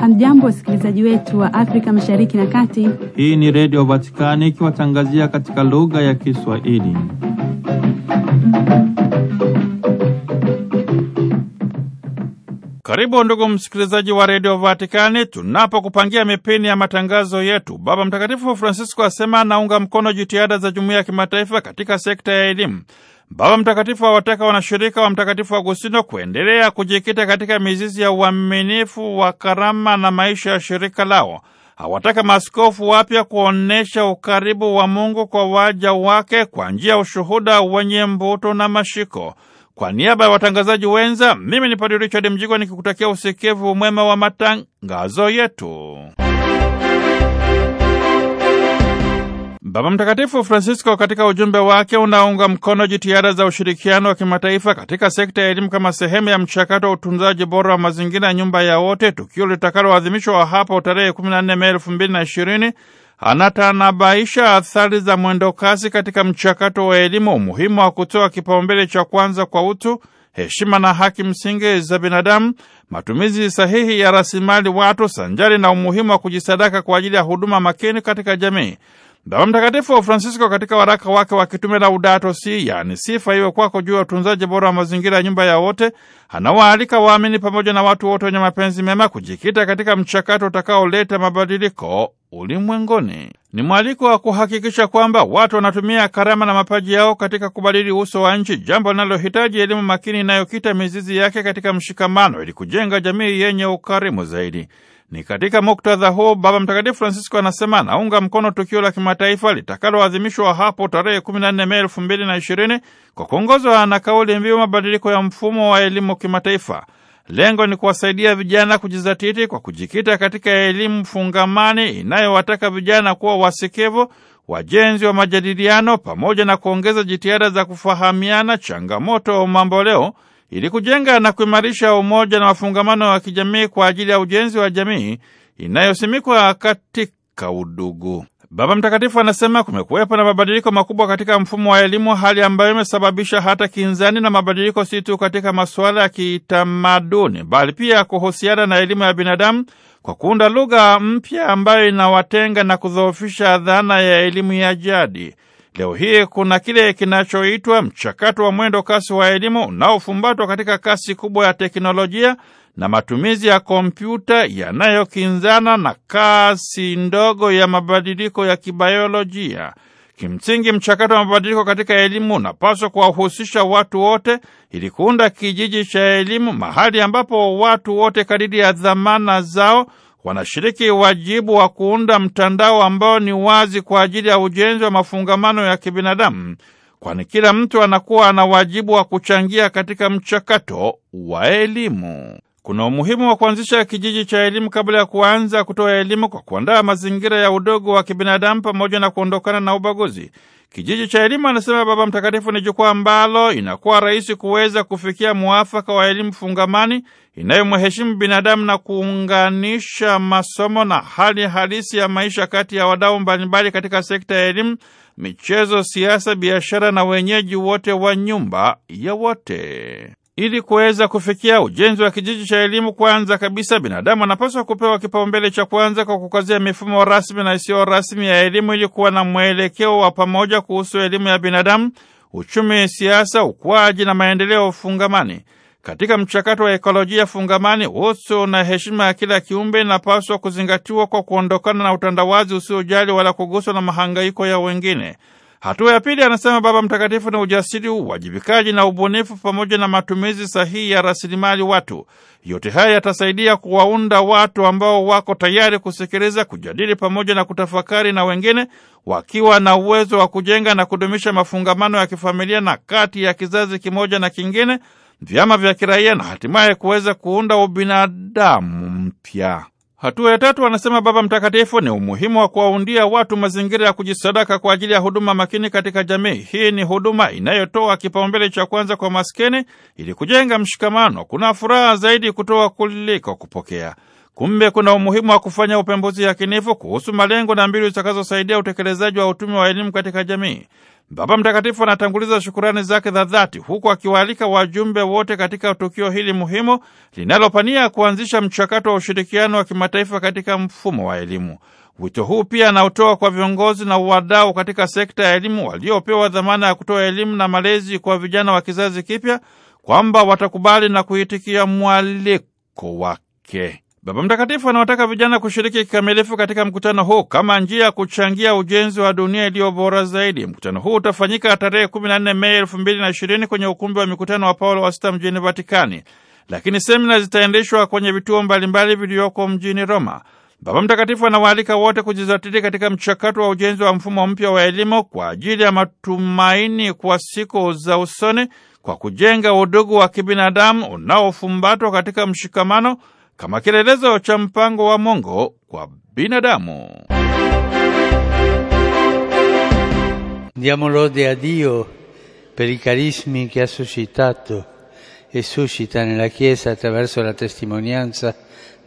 Hamjambo, wasikilizaji wetu wa Afrika Mashariki na Kati. Hii ni Redio Vatikani ikiwatangazia katika lugha ya Kiswahili. Karibu ndugu msikilizaji wa redio Vatikani, tunapokupangia mipini ya matangazo yetu. Baba Mtakatifu Francisco asema anaunga mkono jitihada za jumuiya ya kimataifa katika sekta ya elimu. Baba Mtakatifu awataka wanashirika wa Mtakatifu Agustino kuendelea kujikita katika mizizi ya uaminifu wa karama na maisha ya shirika lao. Hawataka maaskofu wapya kuonyesha ukaribu wa Mungu kwa waja wake kwa njia ya ushuhuda wenye mbuto na mashiko. Kwa niaba ya watangazaji wenza, mimi ni Padre Richard Mjigwa nikikutakia usikivu mwema wa matangazo yetu. Baba Mtakatifu Francisco katika ujumbe wake unaunga mkono jitihada za ushirikiano wa kimataifa katika sekta ya elimu kama sehemu ya mchakato wa utunzaji bora wa mazingira ya nyumba ya wote, tukio litakaloadhimishwa hapo tarehe 14 Mei 2020. Anatanabaisha athari za mwendo kasi katika mchakato wa elimu, umuhimu wa kutoa kipaumbele cha kwanza kwa utu, heshima na haki msingi za binadamu, matumizi sahihi ya rasilimali watu, sanjari na umuhimu wa kujisadaka kwa ajili ya huduma makini katika jamii. Baba Mtakatifu wa Francisco katika waraka wake wa kitume Laudato Si, yaani sifa iwe kwako, juu ya utunzaji bora wa mazingira ya nyumba ya wote, anawaalika waamini pamoja na watu wote wenye mapenzi mema kujikita katika mchakato utakaoleta mabadiliko ulimwengoni Ni mwaliko wa kuhakikisha kwamba watu wanatumia karama na mapaji yao katika kubadili uso wa nchi, jambo linalohitaji elimu makini inayokita mizizi yake katika mshikamano, ili kujenga jamii yenye ukarimu zaidi. Ni katika muktadha huo Baba Mtakatifu Francisco anasema anaunga mkono tukio la kimataifa litakaloadhimishwa hapo tarehe 14 Mei 2020 kwa kuongozwa na kauli mbiu mabadiliko ya mfumo wa elimu kimataifa. Lengo ni kuwasaidia vijana kujizatiti kwa kujikita katika elimu fungamani inayowataka vijana kuwa wasikivu, wajenzi wa majadiliano, pamoja na kuongeza jitihada za kufahamiana changamoto mamboleo ili kujenga na kuimarisha umoja na wafungamano wa kijamii kwa ajili ya ujenzi wa jamii inayosimikwa katika udugu. Baba Mtakatifu anasema kumekuwepo na mabadiliko makubwa katika mfumo wa elimu, hali ambayo imesababisha hata kinzani na mabadiliko si tu katika masuala ya kitamaduni, bali pia kuhusiana na elimu ya binadamu kwa kuunda lugha mpya ambayo inawatenga na kudhoofisha dhana ya elimu ya jadi. Leo hii kuna kile kinachoitwa mchakato wa mwendo kasi wa elimu unaofumbatwa katika kasi kubwa ya teknolojia na matumizi ya kompyuta yanayokinzana na kasi ndogo ya mabadiliko ya kibayolojia. Kimsingi, mchakato wa mabadiliko katika elimu unapaswa kuwahusisha watu wote ili kuunda kijiji cha elimu, mahali ambapo watu wote kadiri ya dhamana zao wanashiriki wajibu wa kuunda mtandao ambao ni wazi kwa ajili ya ujenzi wa mafungamano ya kibinadamu, kwani kila mtu anakuwa ana wajibu wa kuchangia katika mchakato wa elimu. Kuna umuhimu wa kuanzisha kijiji cha elimu kabla ya kuanza kutoa elimu kwa kuandaa mazingira ya udogo wa kibinadamu pamoja na kuondokana na ubaguzi. Kijiji cha elimu, anasema Baba Mtakatifu, ni jukwaa ambalo inakuwa rahisi kuweza kufikia mwafaka wa elimu fungamani inayomheshimu binadamu na kuunganisha masomo na hali halisi ya maisha kati ya wadau mbalimbali katika sekta ya elimu, michezo, siasa, biashara na wenyeji wote wa nyumba ya wote. Ili kuweza kufikia ujenzi wa kijiji cha elimu, kwanza kabisa binadamu anapaswa kupewa kipaumbele cha kwanza kwa kukazia mifumo rasmi na isiyo rasmi ya elimu ili kuwa na mwelekeo wa pamoja kuhusu elimu ya binadamu, uchumi, siasa, ukuaji na maendeleo fungamani. Katika mchakato wa ekolojia fungamani, uso na heshima ya kila kiumbe inapaswa kuzingatiwa kwa kuondokana na utandawazi usiojali wala kuguswa na mahangaiko ya wengine. Hatua ya pili, anasema Baba Mtakatifu, na ujasiri, uwajibikaji na ubunifu, pamoja na matumizi sahihi ya rasilimali watu. Yote haya yatasaidia kuwaunda watu ambao wako tayari kusikiliza, kujadili pamoja na kutafakari, na wengine wakiwa na uwezo wa kujenga na kudumisha mafungamano ya kifamilia na kati ya kizazi kimoja na kingine, vyama vya kiraia, na hatimaye kuweza kuunda ubinadamu mpya. Hatua ya tatu, anasema Baba Mtakatifu, ni umuhimu wa kuwaundia watu mazingira ya kujisadaka kwa ajili ya huduma makini katika jamii. Hii ni huduma inayotoa kipaumbele cha kwanza kwa maskini ili kujenga mshikamano. Kuna furaha zaidi kutoa kuliko kupokea. Kumbe kuna umuhimu wa kufanya upembuzi yakinifu kuhusu malengo na mbinu zitakazosaidia utekelezaji wa utume wa elimu katika jamii. Baba Mtakatifu anatanguliza shukurani zake za dhati huku akiwaalika wajumbe wote katika tukio hili muhimu linalopania kuanzisha mchakato wa ushirikiano wa kimataifa katika mfumo wa elimu. Wito huu pia anautoa kwa viongozi na wadau katika sekta ya elimu waliopewa dhamana ya kutoa elimu na malezi kwa vijana wa kizazi kipya kwamba watakubali na kuitikia mwaliko wake. Baba Mtakatifu anawataka vijana kushiriki kikamilifu katika mkutano huu kama njia ya kuchangia ujenzi wa dunia iliyo bora zaidi. Mkutano huu utafanyika tarehe 14 Mei 2020 kwenye ukumbi wa mikutano wa Paulo wa Sita mjini Vatikani, lakini semina zitaendeshwa kwenye vituo mbalimbali vilivyoko mjini Roma. Baba Mtakatifu anawaalika wote kujizatiti katika mchakato wa ujenzi wa mfumo mpya wa elimu kwa ajili ya matumaini kwa siku za usoni kwa kujenga udugu wa kibinadamu unaofumbatwa katika mshikamano kama kielelezo cha mpango wa Mungu kwa binadamu. Diamo lode a Dio per i carismi che ha suscitato e suscita nella Chiesa attraverso la testimonianza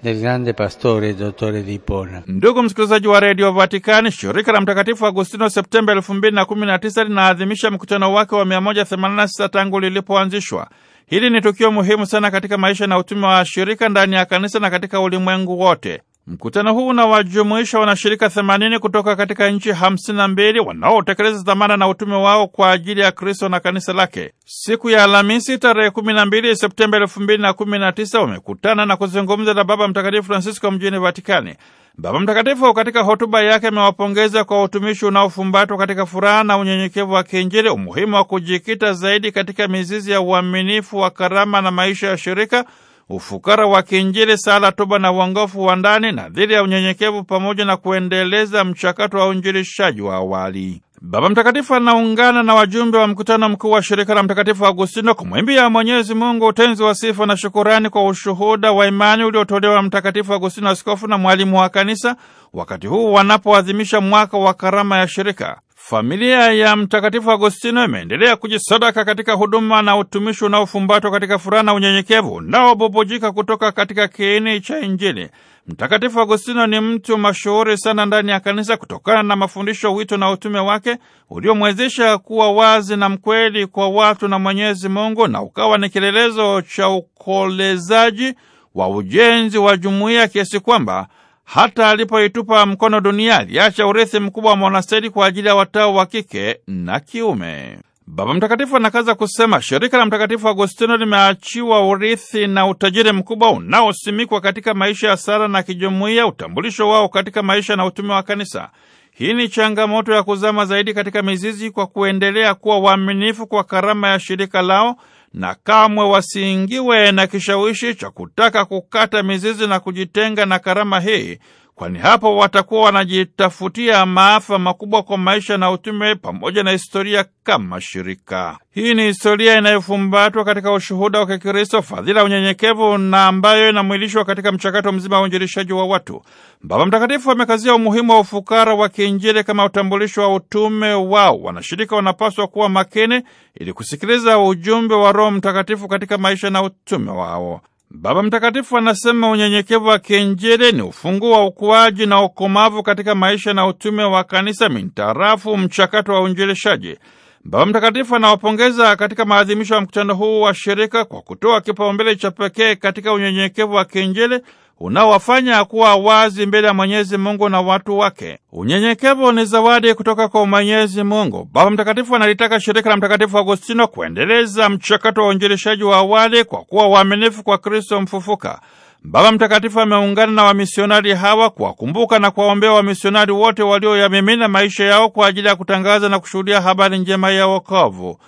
del grande pastore e dottore di Ipona. Ndugu msikilizaji wa redio Vatikani, shirika la Mtakatifu Agustino Septemba 2019 linaadhimisha mkutano wake wa 186 tangu lilipoanzishwa. Hili ni tukio muhimu sana katika maisha na utume wa shirika ndani ya kanisa na katika ulimwengu wote. Mkutano huu unawajumuisha wanashirika 80 kutoka katika nchi 52 wanaotekeleza dhamana na utume wao kwa ajili ya Kristo na kanisa lake. Siku ya Alhamisi tarehe 12 Septemba 2019 wamekutana na kuzungumza na Baba Mtakatifu Francisco mjini Vatikani. Baba Mtakatifu katika hotuba yake amewapongeza kwa utumishi unaofumbatwa katika furaha na unyenyekevu wa kiinjili, umuhimu wa kujikita zaidi katika mizizi ya uaminifu wa karama na maisha ya shirika ufukara wa kiinjili, sala, toba na uongofu wa ndani, nadhiri ya unyenyekevu, pamoja na kuendeleza mchakato wa uinjilishaji wa awali. Baba Mtakatifu anaungana na wajumbe wa mkutano mkuu wa shirika la Mtakatifu Agustino kumwimbia Mwenyezi Mungu utenzi wa sifa na shukurani kwa ushuhuda wa imani uliotolewa na Mtakatifu Agustino, askofu na mwalimu wa kanisa, wakati huu wanapoadhimisha mwaka wa karama ya shirika. Familia ya Mtakatifu Agostino imeendelea kujisadaka katika huduma na utumishi unaofumbatwa katika furaha na unyenyekevu unaobubujika kutoka katika kiini cha Injili. Mtakatifu Agostino ni mtu mashuhuri sana ndani ya kanisa kutokana na mafundisho, wito na utume wake uliomwezesha kuwa wazi na mkweli kwa watu na Mwenyezi Mungu, na ukawa ni kielelezo cha ukolezaji wa ujenzi wa jumuiya kiasi kwamba hata alipoitupa mkono dunia aliacha urithi mkubwa wa monasteri kwa ajili ya watao wa kike na kiume. Baba Mtakatifu anakaza kusema shirika la Mtakatifu Agostino limeachiwa urithi na utajiri mkubwa unaosimikwa katika maisha ya sala na kijumuiya, utambulisho wao katika maisha na utume wa kanisa. Hii ni changamoto ya kuzama zaidi katika mizizi kwa kuendelea kuwa waaminifu kwa karama ya shirika lao na kamwe wasiingiwe na kishawishi cha kutaka kukata mizizi na kujitenga na karama hii kwani hapo watakuwa wanajitafutia maafa makubwa kwa maisha na utume pamoja na historia kama shirika. Hii ni historia inayofumbatwa katika ushuhuda wa Kikristo, fadhila, unyenyekevu na ambayo inamwilishwa katika mchakato mzima wa uinjilishaji wa watu. Baba Mtakatifu amekazia umuhimu wa ufukara wa kiinjili kama utambulisho wa utume wao. Wanashirika wanapaswa kuwa makini ili kusikiliza ujumbe wa Roho Mtakatifu katika maisha na utume wao. Baba Mtakatifu anasema unyenyekevu wa kiinjili ni ufungu wa ukuaji na ukomavu katika maisha na utume wa kanisa mintarafu mchakato wa uinjilishaji. Baba Mtakatifu anawapongeza katika maadhimisho ya mkutano huu wa shirika kwa kutoa kipaumbele cha pekee katika unyenyekevu wa kiinjili unaowafanya kuwa wazi mbele ya Mwenyezi Mungu na watu wake. Unyenyekevu ni zawadi kutoka kwa Mwenyezi Mungu. Baba Mtakatifu analitaka shirika la Mtakatifu Agostino kuendeleza mchakato wa uinjilishaji wa awali kwa kuwa waaminifu kwa Kristo mfufuka. Baba Mtakatifu ameungana na wamisionari hawa kuwakumbuka na kuwaombea wamisionari wote walioyamimina maisha yao kwa ajili ya kutangaza na kushuhudia habari njema ya wokovu.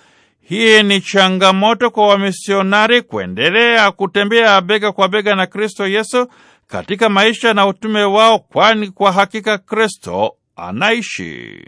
Hii ni changamoto kwa wamisionari kuendelea kutembea bega kwa bega na Kristo Yesu katika maisha na utume wao, kwani kwa hakika Kristo anaishi.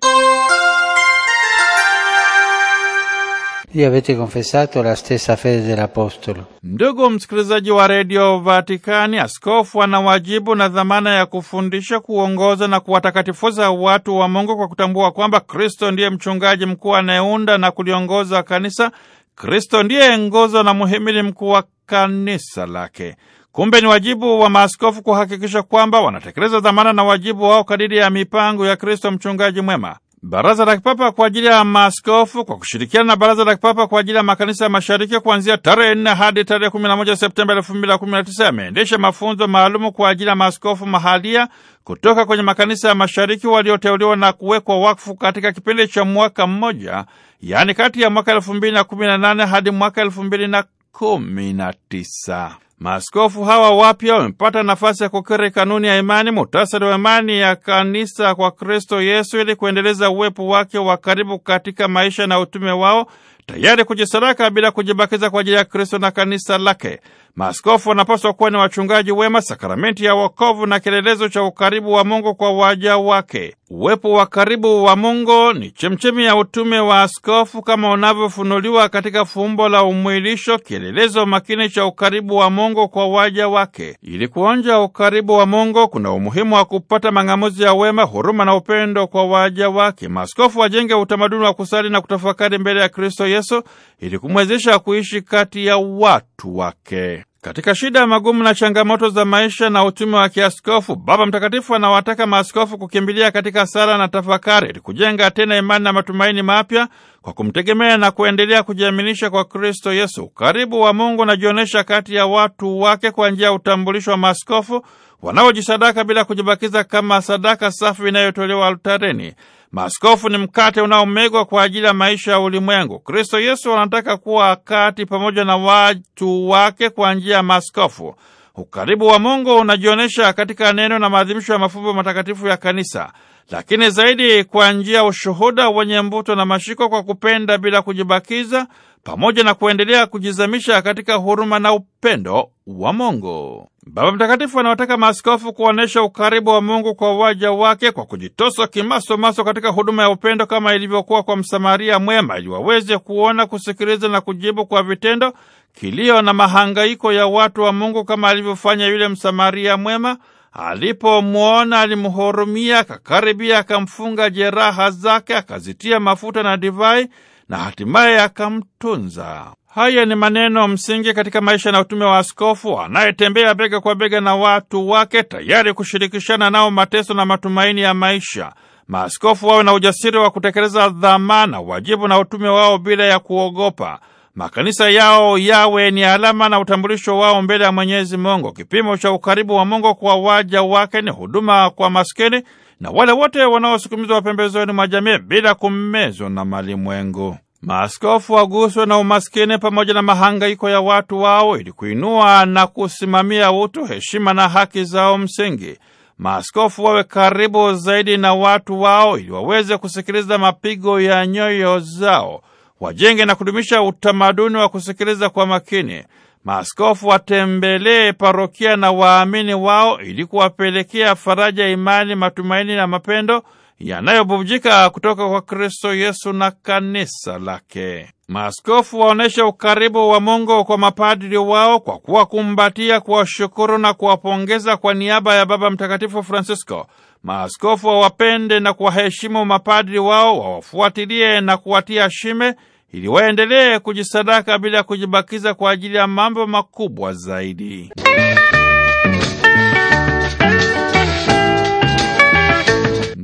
avete confessato la stessa fede dell'Apostolo. Ndugu msikilizaji wa redio Vatikani, askofu ana wajibu na dhamana ya kufundisha, kuongoza na kuwatakatifuza watu wa Mungu kwa kutambua kwamba Kristo ndiye mchungaji mkuu anayeunda na kuliongoza kanisa. Kristo ndiye nguzo na muhimili mkuu wa kanisa lake. Kumbe ni wajibu wa maaskofu kuhakikisha kwamba wanatekeleza dhamana na wajibu wao kadiri ya mipango ya Kristo mchungaji mwema. Baraza la Kipapa kwa ajili ya Maaskofu kwa kushirikiana na Baraza la Kipapa kwa ajili ya Makanisa ya Mashariki kuanzia tarehe nne hadi tarehe kumi na moja Septemba elfu mbili na kumi na tisa yameendesha mafunzo maalumu kwa ajili ya maaskofu mahalia kutoka kwenye makanisa ya mashariki walioteuliwa na kuwekwa wakfu katika kipindi cha mwaka mmoja, yaani kati ya mwaka elfu mbili na kumi na nane hadi mwaka elfu mbili na kumi na tisa. Maaskofu hawa wapya wamepata nafasi ya kukiri kanuni ya imani, muhtasari wa imani ya kanisa kwa Kristo Yesu, ili kuendeleza uwepo wake wa karibu katika maisha na utume wao, tayari kujisadaka bila kujibakiza kwa ajili ya Kristo na kanisa lake. Maaskofu wanapaswa kuwa ni wachungaji wema, sakramenti ya wokovu na kielelezo cha ukaribu wa Mungu kwa waja wake. Uwepo wa karibu wa Mungu ni chemchemi ya utume wa askofu kama unavyofunuliwa katika fumbo la umwilisho, kielelezo makini cha ukaribu wa Mungu kwa waja wake. Ili kuonja ukaribu wa Mungu, kuna umuhimu wa kupata mang'amuzi ya wema, huruma na upendo kwa waja wake. Maaskofu wajenge utamaduni wa kusali na kutafakari mbele ya Kristo Yesu ili kumwezesha kuishi kati ya watu wake. Katika shida, magumu na changamoto za maisha na utume wa kiaskofu, Baba Mtakatifu anawataka maaskofu kukimbilia katika sala na tafakari ili kujenga tena imani na matumaini mapya kwa kumtegemea na kuendelea kujiaminisha kwa Kristo Yesu. Ukaribu wa Mungu unajionyesha kati ya watu wake kwa njia ya utambulisho wa maaskofu wanaojisadaka bila kujibakiza, kama sadaka safi inayotolewa altareni. Maaskofu ni mkate unaomegwa kwa ajili ya maisha ya ulimwengu. Kristo Yesu anataka kuwa kati pamoja na watu wake kwa njia ya maaskofu. Ukaribu wa Mungu unajionyesha katika neno na maadhimisho ya mafumbo matakatifu ya Kanisa lakini zaidi kwa njia ya ushuhuda wenye mvuto na mashiko, kwa kupenda bila kujibakiza, pamoja na kuendelea kujizamisha katika huruma na upendo wa Mungu. Baba Mtakatifu anawataka maaskofu kuonyesha ukaribu wa Mungu kwa waja wake kwa kujitosa kimasomaso katika huduma ya upendo kama ilivyokuwa kwa Msamaria mwema, ili waweze kuona, kusikiliza na kujibu kwa vitendo kilio na mahangaiko ya watu wa Mungu kama alivyofanya yule Msamaria mwema Alipomwona alimhurumia, akakaribia, akamfunga jeraha zake, akazitia mafuta na divai na hatimaye akamtunza. Haya ni maneno msingi katika maisha na utume wa askofu anayetembea bega kwa bega na watu wake, tayari kushirikishana nao mateso na matumaini ya maisha. Maaskofu wawe na ujasiri wa kutekeleza dhamana, wajibu na utume wao bila ya kuogopa makanisa yao yawe ni alama na utambulisho wao mbele ya Mwenyezi Mungu. Kipimo cha ukaribu wa Mungu kwa waja wake ni huduma kwa maskini na wale wote wanaosukumizwa pembezoni mwa jamii bila kumezwa na malimwengu. Maaskofu waguswe na umaskini pamoja na mahangaiko ya watu wao ili kuinua na kusimamia utu, heshima na haki zao msingi. Maaskofu wawe karibu zaidi na watu wao ili waweze kusikiliza mapigo ya nyoyo zao wajenge na kudumisha utamaduni wa kusikiliza kwa makini. Maaskofu watembelee parokia na waamini wao ili kuwapelekea faraja, imani, matumaini na mapendo yanayobubujika kutoka kwa Kristo Yesu na kanisa lake. Maaskofu waonyeshe ukaribu wa Mungu kwa mapadri wao kwa kuwakumbatia, kuwashukuru na kuwapongeza kwa niaba ya Baba Mtakatifu Francisco maaskofu wawapende na kuwaheshimu mapadri wao, wawafuatilie na kuwatia shime ili waendelee kujisadaka bila kujibakiza kwa ajili ya mambo makubwa zaidi.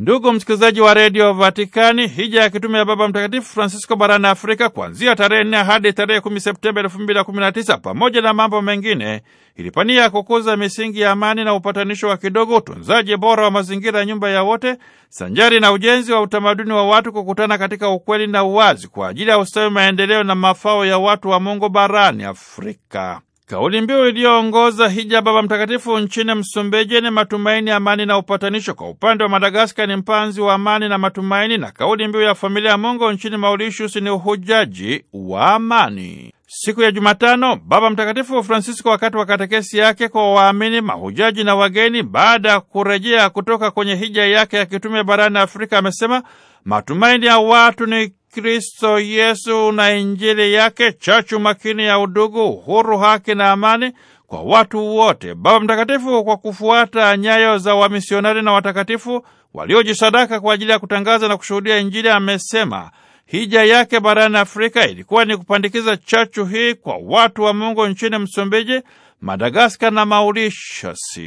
Ndugu msikilizaji wa redio Vatikani, hija ya kitume ya Baba Mtakatifu Francisco barani Afrika kuanzia tarehe nne hadi tarehe kumi Septemba elfu mbili na kumi na tisa pamoja na mambo mengine ilipania kukuza misingi ya amani na upatanisho wa kidogo, utunzaji bora wa mazingira ya nyumba ya wote, sanjari na ujenzi wa utamaduni wa watu kukutana katika ukweli na uwazi kwa ajili ya ustawi, maendeleo na mafao ya watu wa Mungu barani Afrika. Kauli mbiu iliyoongoza hija Baba Mtakatifu nchini Msumbiji ni matumaini, amani na upatanisho. Kwa upande wa Madagaskar ni mpanzi wa amani na matumaini, na kauli mbiu ya familia ya Mungu nchini Mauritius ni uhujaji wa amani. Siku ya Jumatano, Baba Mtakatifu Francisco, wakati wa katekesi yake kwa waamini, mahujaji na wageni, baada ya kurejea kutoka kwenye hija yake ya kitume barani Afrika, amesema matumaini ya watu ni Kristo Yesu na Injili yake, chachu makini ya udugu, uhuru, haki na amani kwa watu wote. Baba Mtakatifu, kwa kufuata nyayo za wamisionari na watakatifu waliojisadaka kwa ajili ya kutangaza na kushuhudia Injili, amesema hija yake barani Afrika ilikuwa ni kupandikiza chachu hii kwa watu wa Mungu nchini Msumbiji Madagaskar na Mauritius.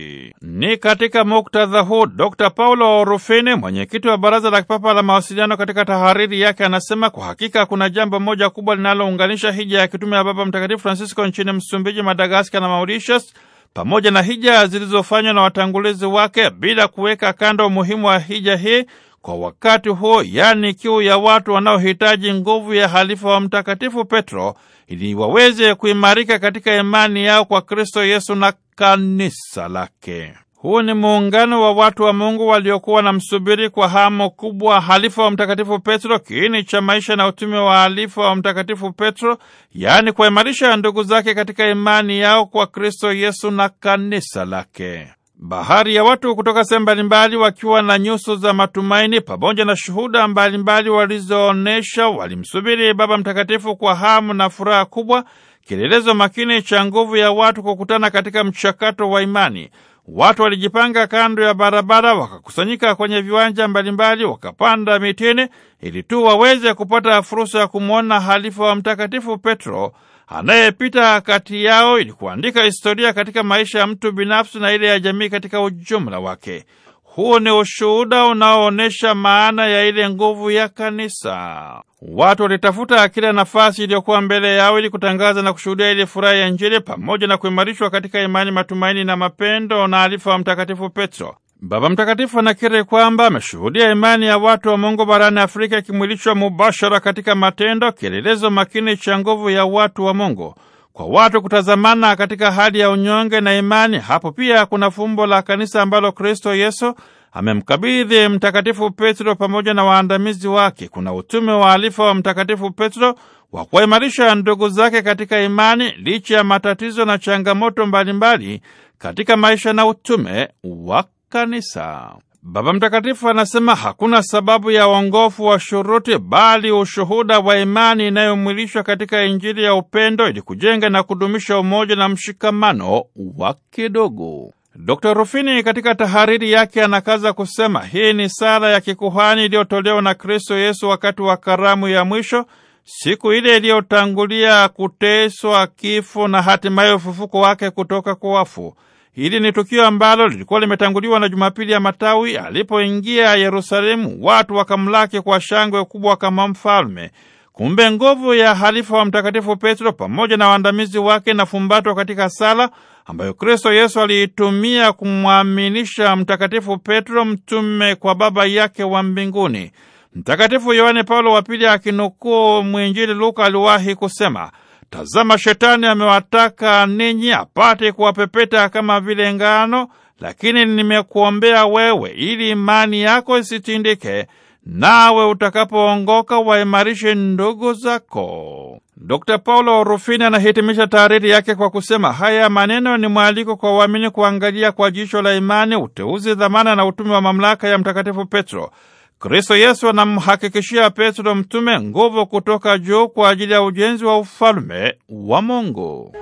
Ni katika muktadha huu, Dr. Paulo Rufini, mwenyekiti wa Baraza la Kipapa la Mawasiliano, katika tahariri yake anasema kwa hakika kuna jambo moja kubwa linalounganisha hija ya kitume ya Baba Mtakatifu Francisco nchini Msumbiji, Madagaskar na Mauritius pamoja na hija zilizofanywa na watangulizi wake, bila kuweka kando umuhimu wa hija hii kwa wakati huo, yaani kiu ya watu wanaohitaji nguvu ya halifa wa Mtakatifu Petro ili waweze kuimarika katika imani yao kwa Kristo Yesu na kanisa lake. Huu ni muungano wa watu wa Mungu waliokuwa na msubiri kwa hamu kubwa halifa wa Mtakatifu Petro, kiini cha maisha na utume wa halifa wa Mtakatifu Petro, yaani kuimarisha ndugu zake katika imani yao kwa Kristo Yesu na kanisa lake bahari ya watu kutoka sehemu mbalimbali wakiwa na nyuso za matumaini pamoja na shuhuda mbalimbali walizoonyesha, walimsubiri Baba Mtakatifu kwa hamu na furaha kubwa, kielelezo makini cha nguvu ya watu kukutana katika mchakato wa imani. Watu walijipanga kando ya barabara, wakakusanyika kwenye viwanja mbalimbali, wakapanda mitini ili tu waweze kupata fursa ya kumwona halifa wa Mtakatifu Petro anayepita kati yao ili kuandika historia katika maisha ya mtu binafsi na ile ya jamii katika ujumla wake. Huu ni ushuhuda unaoonyesha maana ya ile nguvu ya kanisa. Watu walitafuta kila nafasi iliyokuwa mbele yao ili kutangaza na kushuhudia ile furaha ya Injili pamoja na kuimarishwa katika imani, matumaini na mapendo na alifa wa Mtakatifu Petro. Baba Mtakatifu anakiri kwamba ameshuhudia imani ya watu wa Mungu barani Afrika ikimwilishwa mubashara katika matendo, kielelezo makini cha nguvu ya watu wa Mungu kwa watu kutazamana katika hali ya unyonge na imani. Hapo pia kuna fumbo la kanisa ambalo Kristo Yesu amemkabidhi Mtakatifu Petro pamoja na waandamizi wake. Kuna utume wa alifa wa Mtakatifu Petro wa kuwaimarisha ndugu zake katika imani licha ya matatizo na changamoto mbalimbali katika maisha na utume wa kanisa. Baba Mtakatifu anasema hakuna sababu ya uongofu wa shuruti, bali ushuhuda wa imani inayomwilishwa katika Injili ya upendo ili kujenga na kudumisha umoja na mshikamano wa kidogo. Dr. Rufini katika tahariri yake anakaza kusema hii ni sala ya kikuhani iliyotolewa na Kristo Yesu wakati wa karamu ya mwisho, siku ile iliyotangulia kuteswa, kifo na hatimaye ufufuko wake kutoka kwa wafu. Hili ni tukio ambalo lilikuwa limetanguliwa na Jumapili ya Matawi. Alipoingia Yerusalemu, watu wakamlaki kwa shangwe kubwa kama mfalme. Kumbe nguvu ya halifa wa Mtakatifu Petro pamoja na waandamizi wake inafumbatwa katika sala ambayo Kristo Yesu aliitumia kumwaminisha Mtakatifu Petro mtume kwa Baba yake wa mbinguni. Mtakatifu Yohane Paulo wa Pili akinukuu mwinjili Luka aliwahi kusema Tazama, shetani amewataka ninyi apate kuwapepeta kama vile ngano, lakini nimekuombea wewe ili imani yako isitindike, nawe utakapoongoka waimarishe ndugu zako. Dr. Paulo Rufini anahitimisha taariri yake kwa kusema haya maneno ni mwaliko kwa waamini kuangalia kwa jicho la imani uteuzi, dhamana na utume wa mamlaka ya Mtakatifu Petro. Kristo Yesu anamhakikishia Petro mtume nguvu kutoka juu kwa ajili ya ujenzi wa ufalume wa Mungu.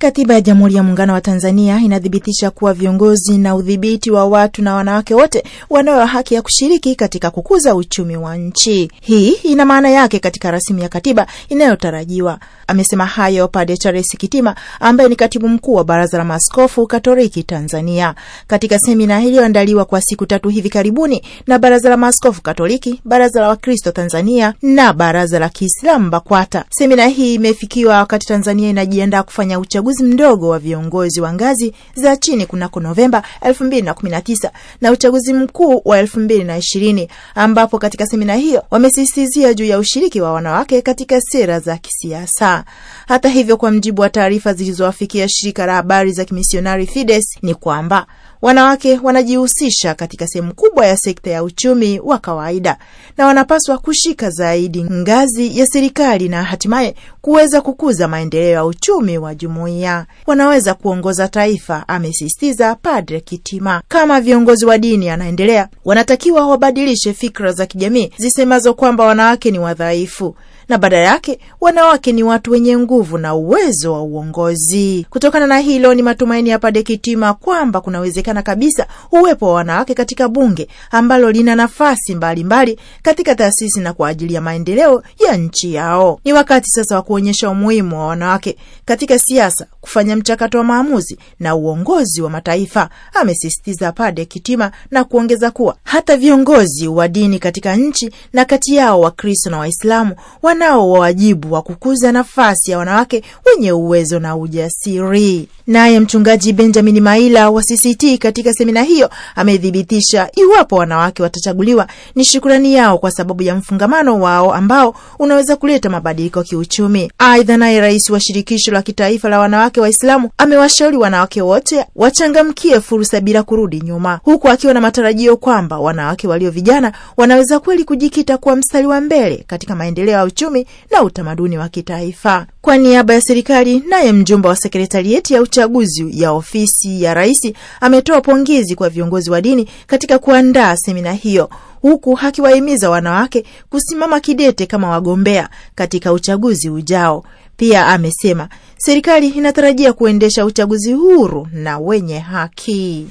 Katiba ya Jamhuri ya Muungano wa Tanzania inathibitisha kuwa viongozi na udhibiti wa watu na wanawake wote wanayo haki ya kushiriki katika kukuza uchumi wa nchi. Hii ina maana yake katika rasimu ya katiba inayotarajiwa. Amesema hayo Padre Charles Kitima ambaye ni katibu mkuu wa Baraza la Maaskofu Katoliki Tanzania katika semina iliyoandaliwa kwa siku tatu hivi karibuni na Baraza la Maaskofu Katoliki, Baraza la Wakristo Tanzania na Baraza la Kiislamu BAKWATA. Semina hii imefikiwa wakati Tanzania inajiandaa kufanya uchaguzi uchaguzi mdogo wa viongozi wa ngazi za chini kunako Novemba 2019 na uchaguzi mkuu wa 2020, ambapo katika semina hiyo wamesisitizia juu ya ushiriki wa wanawake katika sera za kisiasa. Hata hivyo, kwa mjibu wa taarifa zilizowafikia shirika la habari za kimisionari Fides ni kwamba Wanawake wanajihusisha katika sehemu kubwa ya sekta ya uchumi wa kawaida na wanapaswa kushika zaidi ngazi ya serikali na hatimaye kuweza kukuza maendeleo ya uchumi wa jumuiya. Wanaweza kuongoza taifa, amesisitiza Padre Kitima. Kama viongozi wa dini, anaendelea, wanatakiwa wabadilishe fikra za kijamii zisemazo kwamba wanawake ni wadhaifu na badala yake wanawake ni watu wenye nguvu na uwezo wa uongozi. Kutokana na hilo, ni matumaini ya Padre Kitima kwamba kunawezekana kabisa uwepo wa wanawake katika bunge ambalo lina nafasi mbalimbali mbali katika taasisi na kwa ajili ya maendeleo ya nchi yao. Ni wakati sasa wa kuonyesha umuhimu wa wanawake katika siasa, kufanya mchakato wa maamuzi na uongozi wa mataifa, amesisitiza Pade Kitima na kuongeza kuwa hata viongozi wa dini katika nchi na kati yao Wakristo na Waislamu wana nao wajibu wa kukuza nafasi ya wanawake wenye uwezo na ujasiri. Naye mchungaji Benjamin Maila wa CCT katika semina hiyo amethibitisha iwapo wanawake watachaguliwa ni shukurani yao kwa sababu ya mfungamano wao ambao unaweza kuleta mabadiliko kiuchumi. Aidha, naye rais wa shirikisho la kitaifa la wanawake Waislamu amewashauri wanawake wote wachangamkie fursa bila kurudi nyuma, huku akiwa na matarajio kwamba wanawake walio vijana wanaweza kweli kujikita kuwa mstari wa mbele katika maendeleo ya uchumi na utamaduni wa kitaifa. Kwa niaba ya serikali, naye mjumbe wa sekretarieti ya uchaguzi ya ofisi ya rais ametoa pongezi kwa viongozi wa dini katika kuandaa semina hiyo huku akiwahimiza wanawake kusimama kidete kama wagombea katika uchaguzi ujao. Pia amesema serikali inatarajia kuendesha uchaguzi huru na wenye haki.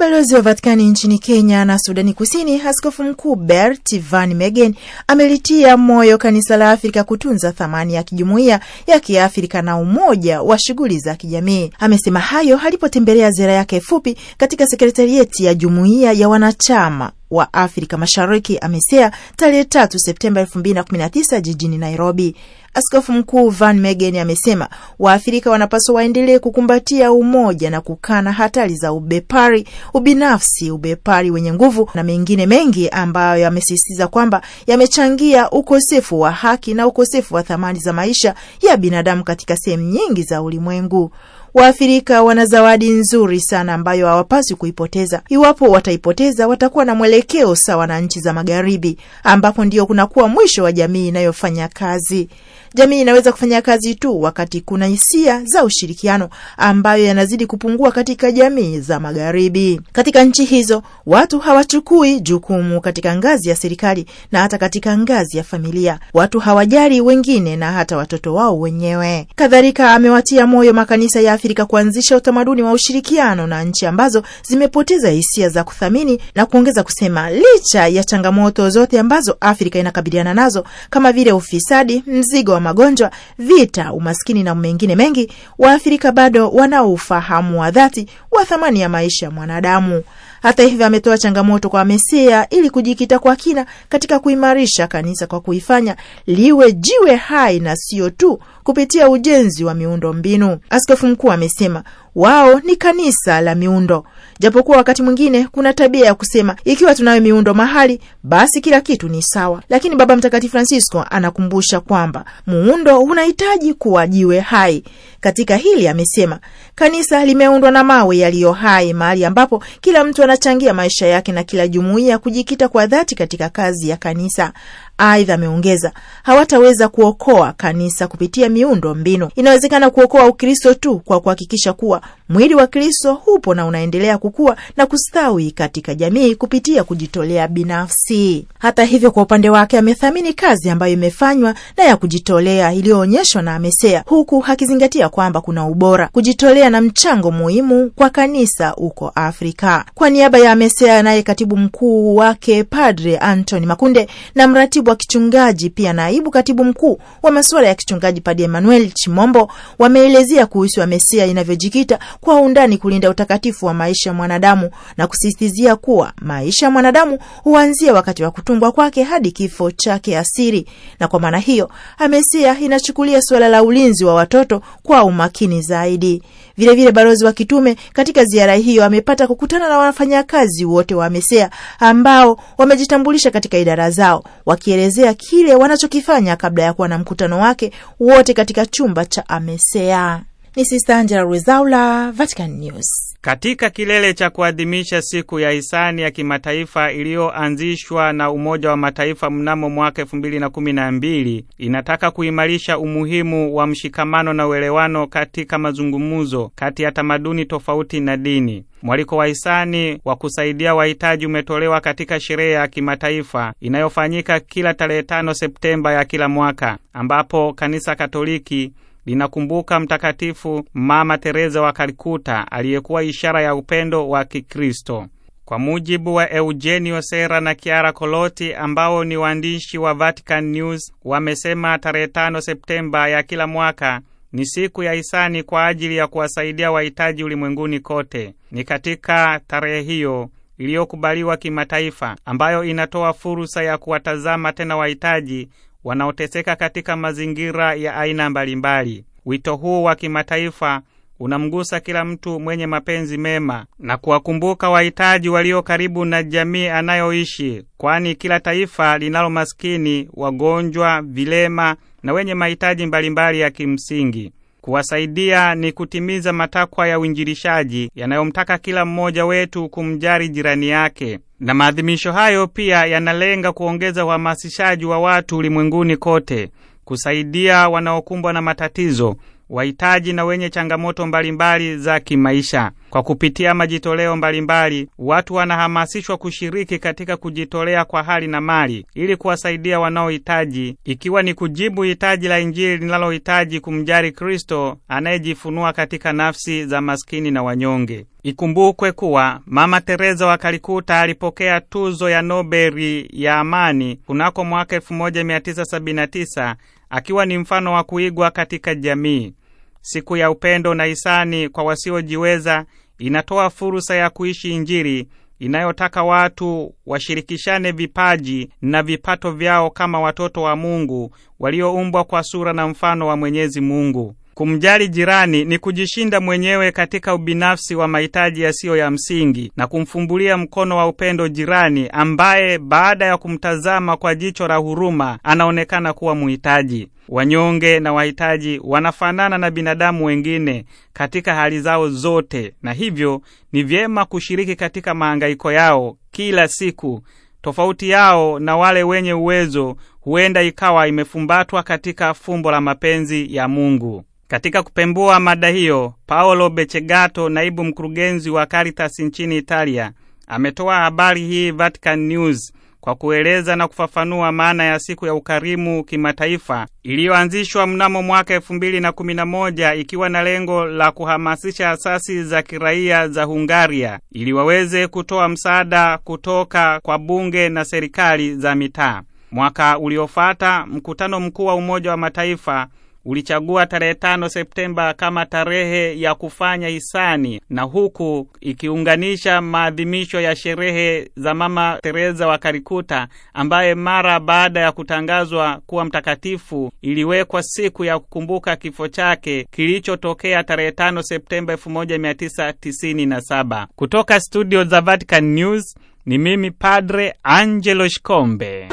Balozi wa Vatikani nchini Kenya na Sudani Kusini, Askofu Mkuu Bert Van Megen amelitia moyo kanisa la Afrika kutunza thamani ya kijumuiya ya kiafrika na umoja wa shughuli za kijamii. Amesema hayo alipotembelea ziara yake fupi katika sekretarieti ya jumuiya ya wanachama wa Afrika Mashariki, AMESEA, tarehe 3 Septemba 2019 jijini Nairobi. Askofu Mkuu Van Megen amesema waathirika wanapaswa waendelee kukumbatia umoja na kukana hatari za ubepari, ubinafsi, ubepari wenye nguvu na mengine mengi ambayo yamesisitiza kwamba yamechangia ukosefu wa haki na ukosefu wa thamani za maisha ya binadamu katika sehemu nyingi za ulimwengu waathirika wana zawadi nzuri sana ambayo hawapaswi kuipoteza. Iwapo wataipoteza, watakuwa na mwelekeo sawa na nchi za Magharibi, ambapo ndio kunakuwa mwisho wa jamii inayofanya kazi. Jamii inaweza kufanya kazi tu wakati kuna hisia za ushirikiano ambayo yanazidi kupungua katika jamii za magharibi. Katika nchi hizo watu hawachukui jukumu katika ngazi ya serikali na hata katika ngazi ya familia. Watu hawajali wengine na hata watoto wao wenyewe. Kadhalika, amewatia moyo makanisa ya Afrika kuanzisha utamaduni wa ushirikiano na nchi ambazo zimepoteza hisia za kuthamini, na kuongeza kusema licha ya changamoto zote ambazo Afrika inakabiliana nazo kama vile ufisadi, mzigo magonjwa, vita, umaskini na mengine mengi, waathirika bado wana ufahamu wa dhati wa thamani ya maisha ya mwanadamu. Hata hivyo, ametoa changamoto kwa Mesia ili kujikita kwa kina katika kuimarisha kanisa kwa kuifanya liwe jiwe hai na sio tu kupitia ujenzi wa miundo mbinu. Askofu mkuu amesema wao ni kanisa la miundo japokuwa wakati mwingine kuna tabia ya kusema ikiwa tunayo miundo mahali basi kila kitu ni sawa, lakini Baba Mtakatifu Francisco anakumbusha kwamba muundo unahitaji kuwa jiwe hai. Katika hili amesema, kanisa limeundwa na mawe yaliyo hai, mahali ambapo kila mtu anachangia maisha yake na kila jumuiya kujikita kwa dhati katika kazi ya kanisa. Aidha ameongeza hawataweza kuokoa kanisa kupitia miundo mbinu. Inawezekana kuokoa Ukristo tu kwa kuhakikisha kuwa mwili wa Kristo hupo na unaendelea kukua na kustawi katika jamii kupitia kujitolea binafsi. Hata hivyo, kwa upande wake amethamini kazi ambayo imefanywa na ya kujitolea iliyoonyeshwa na amesea huku akizingatia kwamba kuna ubora, kujitolea na mchango muhimu kwa kanisa huko Afrika. Kwa niaba ya amesea naye katibu mkuu wake Padre Anthony Makunde na mratibu wa kichungaji pia naibu katibu mkuu wa masuala ya kichungaji Padre Emmanuel Chimombo wameelezea kuhusu wa Mesia inavyojikita kwa undani kulinda utakatifu wa maisha ya mwanadamu na kusisitizia kuwa maisha ya mwanadamu huanzia wakati wa kutungwa kwake hadi kifo chake asiri, na kwa maana hiyo Amesia inachukulia suala la ulinzi wa watoto kwa umakini zaidi. Vilevile balozi wa kitume katika ziara hiyo amepata kukutana na wafanyakazi wote wa AMESEA ambao wamejitambulisha katika idara zao, wakielezea kile wanachokifanya kabla ya kuwa na mkutano wake wote katika chumba cha AMESEA. Ni Sista Angela Rezaula, Vatican News. Katika kilele cha kuadhimisha siku ya hisani ya kimataifa iliyoanzishwa na Umoja wa Mataifa mnamo mwaka mbili inataka kuimarisha umuhimu wa mshikamano na uelewano katika mazungumzo kati ya tamaduni tofauti na dini. Mwaliko wa hisani wa kusaidia wahitaji umetolewa katika sherehe ya kimataifa inayofanyika kila tarehe tano Septemba ya kila mwaka ambapo Kanisa Katoliki linakumbuka Mtakatifu Mama tereza wa Kalikuta aliyekuwa ishara ya upendo wa Kikristo. Kwa mujibu wa Eugenio Sera na kiara koloti ambao ni waandishi wa Vatican News, wamesema tarehe 5 Septemba ya kila mwaka ni siku ya hisani kwa ajili ya kuwasaidia wahitaji ulimwenguni kote. Ni katika tarehe hiyo iliyokubaliwa kimataifa ambayo inatoa fursa ya kuwatazama tena wahitaji wanaoteseka katika mazingira ya aina mbalimbali. Wito huu wa kimataifa unamgusa kila mtu mwenye mapenzi mema na kuwakumbuka wahitaji walio karibu na jamii anayoishi, kwani kila taifa linalo maskini, wagonjwa, vilema na wenye mahitaji mbalimbali ya kimsingi. Kuwasaidia ni kutimiza matakwa ya uinjilishaji yanayomtaka kila mmoja wetu kumjali jirani yake, na maadhimisho hayo pia yanalenga kuongeza uhamasishaji wa watu ulimwenguni kote, kusaidia wanaokumbwa na matatizo wahitaji na wenye changamoto mbalimbali za kimaisha. Kwa kupitia majitoleo mbalimbali, watu wanahamasishwa kushiriki katika kujitolea kwa hali na mali ili kuwasaidia wanaohitaji, ikiwa ni kujibu hitaji la Injili linalohitaji kumjali Kristo anayejifunua katika nafsi za maskini na wanyonge. Ikumbukwe kuwa Mama tereza wa Kalikuta alipokea tuzo ya Nobeli ya amani kunako mwaka 1979 akiwa ni mfano wa kuigwa katika jamii. Siku ya upendo na hisani kwa wasiojiweza inatoa fursa ya kuishi Injili inayotaka watu washirikishane vipaji na vipato vyao kama watoto wa Mungu walioumbwa kwa sura na mfano wa Mwenyezi Mungu. Kumjali jirani ni kujishinda mwenyewe katika ubinafsi wa mahitaji yasiyo ya msingi na kumfumbulia mkono wa upendo jirani ambaye baada ya kumtazama kwa jicho la huruma anaonekana kuwa muhitaji. Wanyonge na wahitaji wanafanana na binadamu wengine katika hali zao zote, na hivyo ni vyema kushiriki katika mahangaiko yao kila siku. Tofauti yao na wale wenye uwezo huenda ikawa imefumbatwa katika fumbo la mapenzi ya Mungu. Katika kupembua mada hiyo, Paolo Bechegato, naibu mkurugenzi wa Caritas nchini Italia, ametoa habari hii Vatican News kwa kueleza na kufafanua maana ya siku ya ukarimu kimataifa iliyoanzishwa mnamo mwaka elfu mbili na kumi na moja ikiwa na lengo la kuhamasisha asasi za kiraia za Hungaria ili waweze kutoa msaada kutoka kwa bunge na serikali za mitaa. Mwaka uliofuata mkutano mkuu wa Umoja wa Mataifa ulichagua tarehe tano Septemba kama tarehe ya kufanya hisani, na huku ikiunganisha maadhimisho ya sherehe za Mama Teresa wa Kalikuta, ambaye mara baada ya kutangazwa kuwa mtakatifu iliwekwa siku ya kukumbuka kifo chake kilichotokea tarehe tano Septemba 1997. Kutoka studio za Vatican News ni mimi Padre Angelo Shikombe.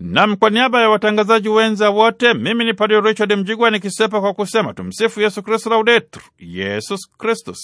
Nam, kwa niaba ya watangazaji wenza wote, mimi ni Padre Richard Mjigwa nikisepa kwa kusema tumsifu Yesu Kristu, laudetur Yesus Kristus.